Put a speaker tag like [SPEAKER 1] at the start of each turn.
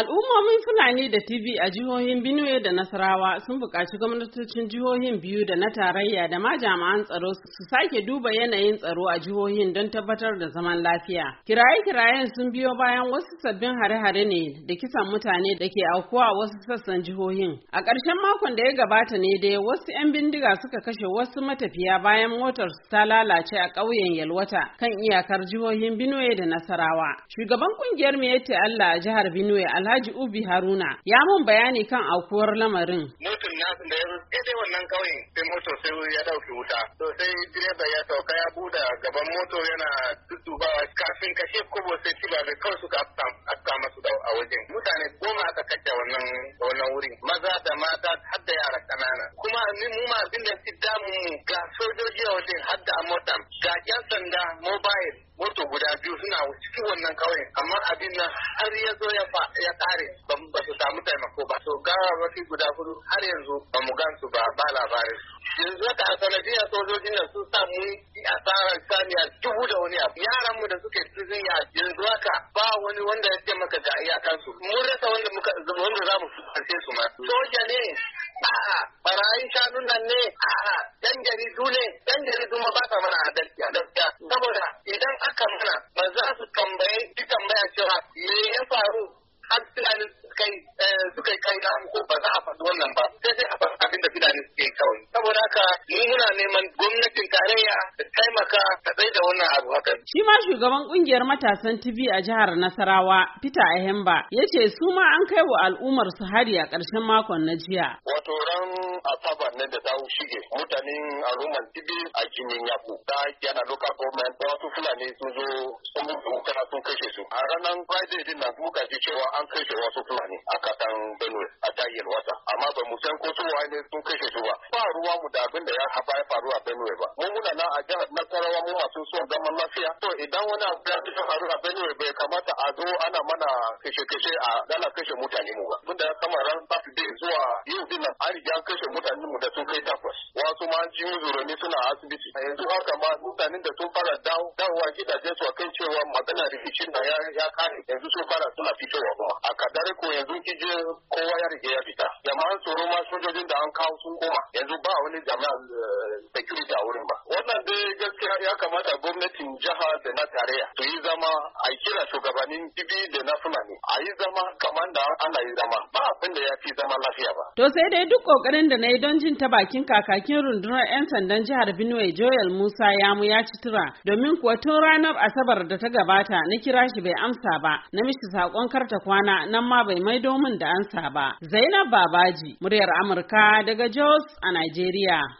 [SPEAKER 1] Al'ummomin Fulani da TV a jihohin Benue da Nasarawa sun buƙaci gwamnatocin jihohin biyu da na tarayya da ma jami'an tsaro su sake duba yanayin tsaro a jihohin don tabbatar da zaman lafiya. Kiraye-kirayen sun biyo bayan wasu sabbin hare-hare ne da kisan mutane da ke aukuwa wasu sassan jihohin. A ƙarshen makon da ya gabata ne dai wasu 'yan bindiga suka kashe wasu matafiya bayan motar su ta lalace a ƙauyen Yalwata kan iyakar jihohin Benue da Nasarawa. Shugaban ƙungiyar Miyetti Allah a jihar Benue Alhaji Ubi Haruna ya mun bayani kan aukuwar lamarin.
[SPEAKER 2] Motar nasu da ya dai wannan kauyen sai moto sai ya dauki wuta. To sai direba ya sauka ya buda gaban moto yana ba kafin kashe kobo sai ci ba da kawai suka afka masu a wajen. Mutane goma aka kashe wannan wannan wurin maza da mata har da yara ƙanana. Kuma ni mu ma abin da damu ga sojoji a wajen har da mota ga 'yan sanda mobile moto guda biyu suna cikin wannan kauyen amma abin nan har ya zo ya kare ba su samu taimako ba to mafi guda hudu har yanzu ba mu gansu ba ba labarin yanzu haka a sanadiyar sojojin nan sun samu asarar saniya dubu da wani abu yaran mu da suke cikin ya yanzu haka ba wani wanda ya taimaka ga iyakansu mun rasa wanda muka wanda za mu fice su ma soja ne a'a barayin shanun nan ne a'a dan jaridu ne dan jaridu ma ba ta mana a yi baya cewa me ya faru har Fulani suka yi eh, kai na ko ba za a faɗi wannan ba sai sai a faɗi abin da Fulani saboda haka mu muna neman gwamnatin tarayya ta taimaka ta tsaye da wannan abu
[SPEAKER 1] haka shi ma shugaban kungiyar matasan TV a jihar Nasarawa Peter Ahemba ya su ma an kai wa al'ummar su hari a ƙarshen makon na jiya
[SPEAKER 2] wato ran asabar ne da ta shige mutanen al'ummar TV a jinin yaku ta yana local government da wasu fulani sun zo sun kana sun kashe su a ranar Friday din na muka ji cewa an kashe wasu fulani a kasan Benue a tayin wata amma ba mu san ko su wane sun kashe su ba ba ruwa mu da abin da ya haɓa ya faru a Benue ba. Mu muna nan a jihar Nasarawa mu masu so zaman lafiya. To idan wani abu ya faru a Benue bai kamata a zo ana mana kashe-kashe a gana kashe mutane mu ba. Tun da ya kama ran Saturday zuwa yau din nan an riga kashe mutane mu da sun kai takwas. Wasu ma an ji mu suna asibiti. Yanzu haka ma mutanen da sun fara dawowa gidajen su akan cewa magana rikicin da ya kare yanzu sun fara suna fitowa kuma a kadare ko yanzu kije kowa ya rike ya fita jama'an tsoro ma sojojin da an kawo sun koma yanzu ba wani jama'an eh, security a wurin ba wannan dai gaskiya ya kamata gwamnatin jiha da na tarayya su yi zama a shugabannin dibi da na fulani a yi zama kamar da ana yi zama ba abin da ya fi zama lafiya ba.
[SPEAKER 1] To sai dai duk kokarin da na yi don jin ta bakin kakakin rundunar 'yan sandan jihar Benue Joel Musa ya mu ya ci tura domin kuwa tun ranar Asabar da ta gabata na kira shi bai amsa ba na mishi sakon karta kwana nan ma bai maido min da amsa ba. Zainab Babaji, muryar Amurka daga Jos a Najeriya.